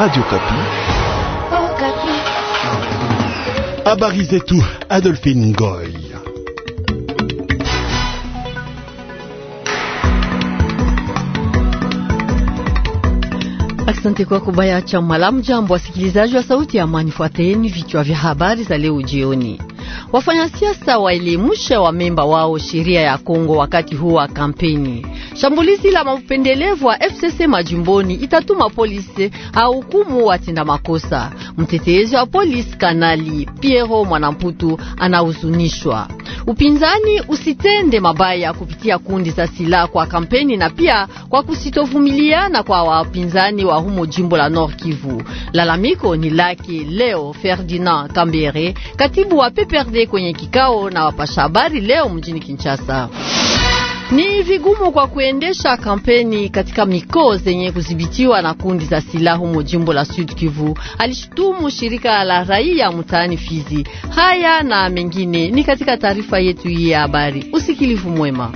Radio Kapi. Oh, Habari zetu Adolphine Ngoy. Asante kwa kubaya cha malamu. Jambo wasikilizaji wa Sauti ya Amani, fuateni vichwa vya habari za leo jioni. Wafanyasiasa wa memba wao sheria ya Kongo wakati huu wa kampeni. Shambulizi la mapendelevu wa FCC majimboni itatuma polisi ahukumu watenda makosa. Mtetezi wa polisi Kanali Piero Mwanamputu anahuzunishwa. Upinzani usitende mabaya kupitia kundi za silaha kwa kampeni na pia kwa kusitovumiliana kwa wapinzani wa humo jimbo la Nord Kivu. Lalamiko ni lake leo Ferdinand Kambere, katibu wa PPRD Kabore kwenye kikao na wapasha habari leo mjini Kinshasa. Ni vigumu kwa kuendesha kampeni katika mikoa zenye kudhibitiwa na kundi za silaha humo jimbo la Sud Kivu, alishutumu shirika la raia mtaani Fizi. Haya na mengine ni katika taarifa yetu hii ya habari. Usikilivu mwema.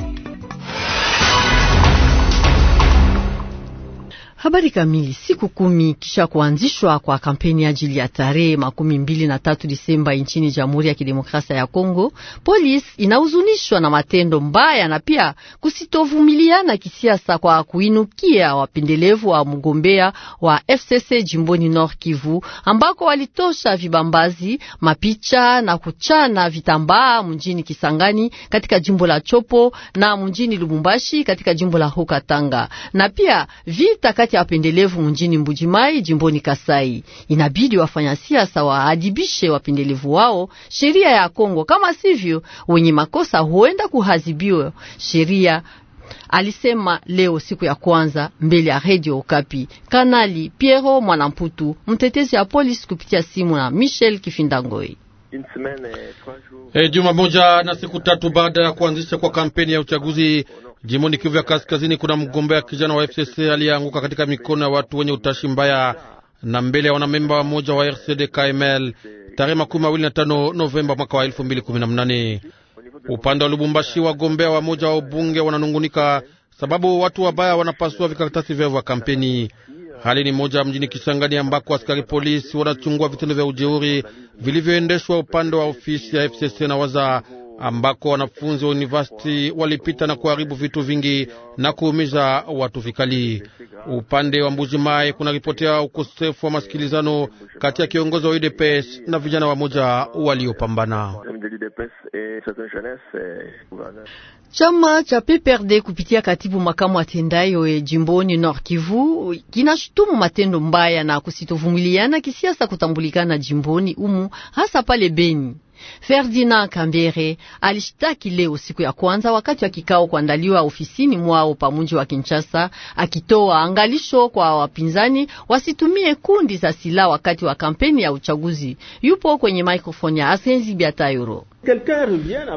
Habari kamili. Siku kumi kisha kuanzishwa kwa kampeni ajili ya tarehe makumi mbili na tatu Disemba nchini Jamhuri ya Kidemokrasia ya Kongo, polisi inahuzunishwa na matendo mbaya na pia kusitovumiliana kisiasa kwa kuinukia wapendelevu wa mgombea wa FCC jimboni Nord Kivu, ambako walitosha vibambazi, mapicha na kuchana vitambaa mjini Kisangani katika jimbo la Chopo na mjini Lubumbashi katika jimbo la Haut-Katanga na pia vita kati maisha apendelevu mjini Mbujimai jimboni Kasai. Inabidi wafanya siasa waadibishe wapendelevu wao sheria ya Kongo, kama sivyo wenye makosa huenda kuhazibiwa sheria Alisema leo siku ya kwanza mbele ya Radio Okapi. Kanali Piero Mwanamputu, mtetezi ya polisi, kupitia simu na Michel Kifindangoi. Hey, eh, juma moja na siku tatu baada ya kuanzisha kwa kampeni ya uchaguzi Jimboni Kivu ya Kaskazini kuna mgombea kijana wa FCC aliyeanguka katika mikono ya watu wenye utashi mbaya na mbele ya wanamemba wa moja wa RCD KML tarehe makumi mawili na tano Novemba mwaka wa elfu mbili kumi na nane. Upande wa Lubumbashi, wagombea wa moja wa ubunge wananungunika sababu watu wabaya wanapasua vikaratasi vyao vya kampeni. Hali ni moja mjini Kisangani ambako askari polisi wanachungua vitendo vya ujeuri vilivyoendeshwa upande wa ofisi ya FCC na waza ambako wanafunzi wa universiti walipita na kuharibu vitu vingi na kuumiza watu vikali. Upande wa Mbuji Mai kuna ripotea ukosefu wa masikilizano kati ya kiongozi wa UDPS na vijana wamoja waliopambana. Chama cha PPRD kupitia katibu makamu atendayo eh, jimboni Nord Kivu kinashutumu matendo mbaya na kusitovumiliana kisiasa kutambulikana jimboni umu hasa pale Beni. Ferdinand Kambere alishtaki leo siku ya kwanza wakati wa kikao kuandaliwa ofisini mwao pa mji wa Kinshasa, akitoa angalisho kwa wapinzani wasitumie kundi za silaha wakati wa kampeni ya uchaguzi. Yupo kwenye mikrofoni ya Asenzi Biatayuro.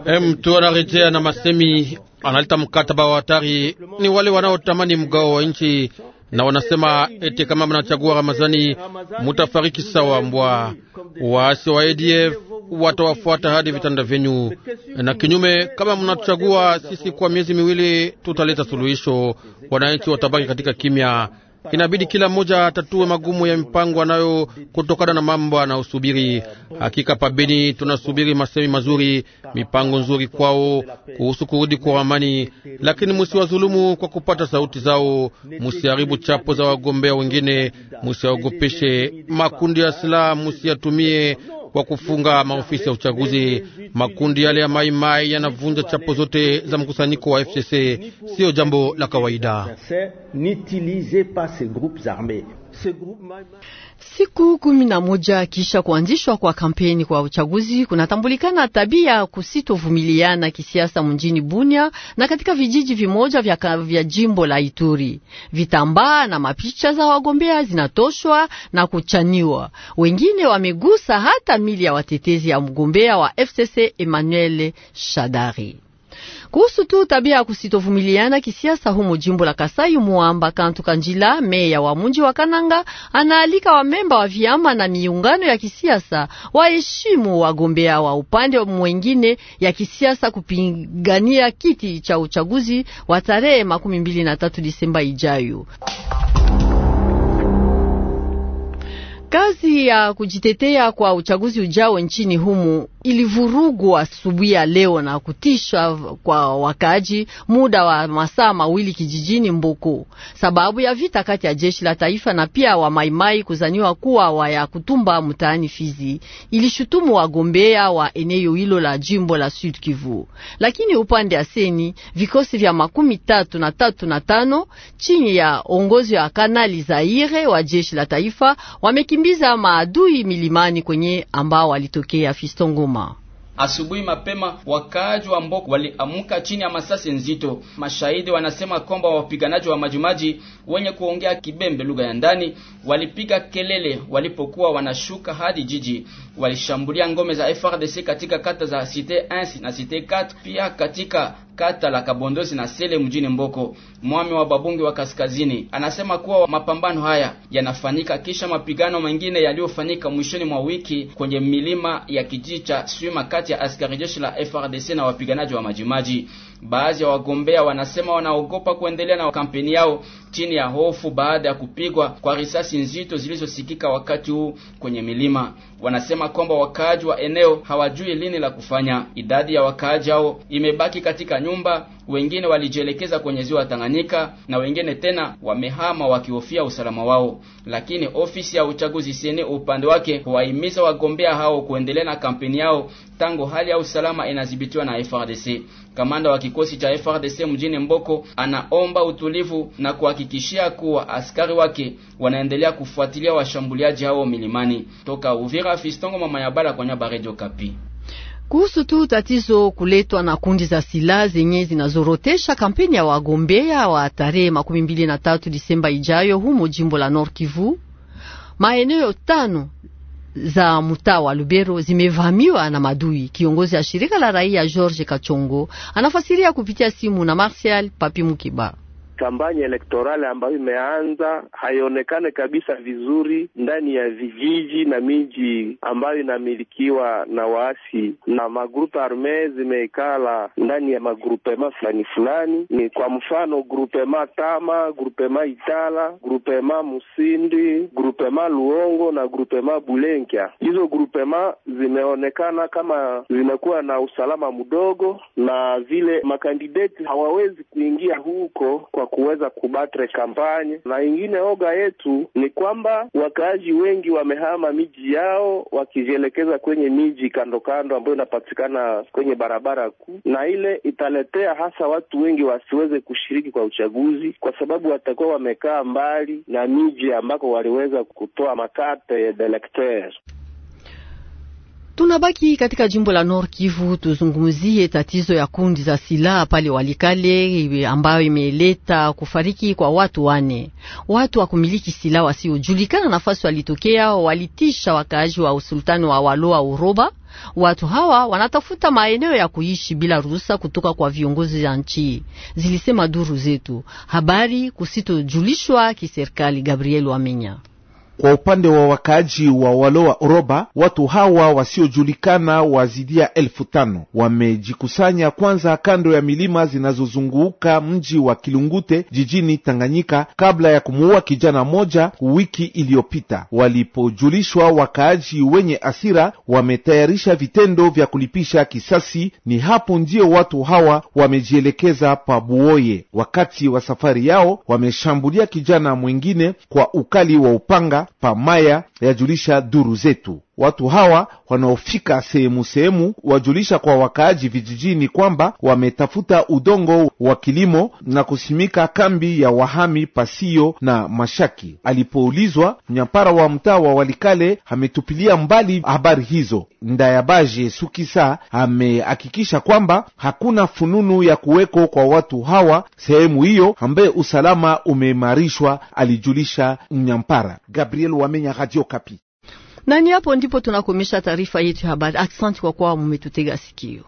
Eh, mtu anarejea na masemi, analeta mkataba wa hatari. Ni wale wanaotamani mgao wa nchi na wanasema eti kama mnachagua Ramazani mutafariki sawa mbwa. Waasi wa ADF watawafuata hadi vitanda vyenyu, na kinyume, kama mnatuchagua sisi kwa miezi miwili, tutaleta suluhisho. Wananchi watabaki katika kimya. Inabidi kila mmoja atatue magumu ya mipango anayo kutokana na mambo anayosubiri. Hakika pabeni, tunasubiri masemi mazuri, mipango nzuri kwao kuhusu kurudi kwa amani, lakini msiwadhulumu kwa kupata sauti zao, msiharibu chapo za wagombea wengine, msiwaogopeshe makundi ya silaha, musiyatumie kwa kufunga maofisi ya uchaguzi. Makundi yale ya maimai yanavunja chapo zote za mkusanyiko wa FCC, siyo jambo la kawaida. Siku kumi na moja kisha kuanzishwa kwa kampeni kwa uchaguzi kunatambulikana tabia kusitovumiliana kisiasa mjini Bunia na katika vijiji vimoja vya, vya jimbo la Ituri. Vitambaa na mapicha za wagombea zinatoshwa na kuchaniwa, wengine wamegusa hata mili ya watetezi ya mgombea wa FCC Emmanuel Shadari kuhusu tu tabia ya kusitovumiliana kisiasa humo jimbo la Kasai. Muamba Kantu Kanjila, meya wa mji wa Kananga, anaalika wamemba wa vyama na miungano ya kisiasa waheshimu wagombea wa upande mwengine ya kisiasa kupigania kiti cha uchaguzi wa tarehe makumi mbili na tatu Disemba ijayo. Kazi ya kujitetea kwa uchaguzi ujao nchini humu ilivurugwa asubuhi ya leo na kutisha kwa wakaaji muda wa masaa mawili kijijini Mboko, sababu ya vita kati ya jeshi la taifa na pia wa maimai kuzaniwa kuwa ya kutumba mtaani Fizi. Ilishutumu wagombea wa eneo hilo la jimbo la Sud Kivu, lakini upande ya seni vikosi vya makumi tatu na tatu na tano chini ya ongozi wa Kanali Zaire wa jeshi la taifa wameki kukimbiza maadui milimani kwenye ambao walitokea Fistongoma. Asubuhi mapema wakaaji wa Mboko waliamuka chini ya masasi nzito. Mashahidi wanasema kwamba wapiganaji wa majimaji wenye kuongea Kibembe, lugha ya ndani, walipiga kelele walipokuwa wanashuka hadi jiji. Walishambulia ngome za FRDC katika kata za Cité 1 na Cité 4, pia katika kata la Kabondozi na Sele mjini Mboko. Mwami wa Babungi wa Kaskazini anasema kuwa mapambano haya yanafanyika kisha mapigano mengine yaliyofanyika mwishoni mwa wiki kwenye milima ya kijiji cha Swima kati ya askari jeshi la FRDC na wapiganaji wa Majimaji. Baadhi ya wagombea wanasema wanaogopa kuendelea na kampeni yao chini ya hofu baada ya kupigwa kwa risasi nzito zilizosikika wakati huu kwenye milima. Wanasema kwamba wakaaji wa eneo hawajui lini la kufanya. Idadi ya wakaaji hao imebaki katika nyumba, wengine walijielekeza kwenye ziwa Tanganyika na wengine tena wamehama wakihofia usalama wao. Lakini ofisi ya uchaguzi sene upande wake huwahimiza wagombea hao kuendelea na kampeni yao tangu hali ya usalama inadhibitiwa na FRDC. Kamanda wa kikosi cha FRDC mjini Mboko anaomba utulivu na kuhakikishia kuwa askari wake wanaendelea kufuatilia washambuliaji hao milimani. Toka Uvira, Fistongo mama ya kwa nyaba Radio Kapi. Kuhusu tu tatizo kuletwa na kundi za silaha zenye zinazorotesha kampeni ya wagombea wa tarehe makumi mbili na tatu Disemba ijayo humo jimbo la Nord Kivu, maeneo tano za mtaa wa Lubero zimevamiwa na madui. Kiongozi ya shirika la raia George Kachongo anafasiria kupitia simu na Martial Papi Mukiba kampanya elektorale ambayo imeanza haionekane kabisa vizuri ndani ya vijiji na miji ambayo inamilikiwa na waasi, na magrupe arme zimeikala ndani ya magrupema fulani fulani. Ni kwa mfano grupema Tama, grupema Itala, grupema Musindi, grupema Luongo na grupema Bulenkya. Hizo grupema zimeonekana kama zimekuwa na usalama mdogo, na vile makandideti hawawezi kuingia huko kwa kuweza kubatre kampanye. Na ingine oga yetu ni kwamba wakaaji wengi wamehama miji yao wakijielekeza kwenye miji kando kando ambayo inapatikana kwenye barabara kuu, na ile italetea hasa watu wengi wasiweze kushiriki kwa uchaguzi, kwa sababu watakuwa wamekaa mbali na miji ambako waliweza kutoa makate electeur. Tunabaki katika jimbo la Nord Kivu, tuzungumzie tatizo ya kundi za silaha pale Walikale ambayo imeleta kufariki kwa watu wane. Watu wa kumiliki silaha wasiojulikana nafasi walitokea, walitisha wakaaji wa usultani wa Waloa Uroba. Watu hawa wanatafuta maeneo ya kuishi bila ruhusa kutoka kwa viongozi ya nchi, zilisema duru zetu habari kusitojulishwa kiserikali. Gabriel Wamenya kwa upande wa wakaaji wa waloa Roba, watu hawa wasiojulikana wazidia elfu tano wamejikusanya kwanza kando ya milima zinazozunguka mji wa Kilungute jijini Tanganyika, kabla ya kumuua kijana moja wiki iliyopita. Walipojulishwa, wakaaji wenye asira wametayarisha vitendo vya kulipisha kisasi. Ni hapo ndio watu hawa wamejielekeza Pabuoye. Wakati wa safari yao, wameshambulia kijana mwingine kwa ukali wa upanga pamaya, yajulisha duru zetu. Watu hawa wanaofika sehemu sehemu wajulisha kwa wakaaji vijijini kwamba wametafuta udongo wa kilimo na kusimika kambi ya wahami pasio na mashaki. Alipoulizwa, mnyampara wa mtaa wa Walikale ametupilia mbali habari hizo. Ndayabaje Sukisa amehakikisha kwamba hakuna fununu ya kuweko kwa watu hawa sehemu hiyo ambaye usalama umeimarishwa, alijulisha mnyampara Gabriel Wamenya, Radio Kapi. Nani hapo ndipo tunakomesha taarifa yetu ya habari. Asante kwa kuwa mumetutega sikio.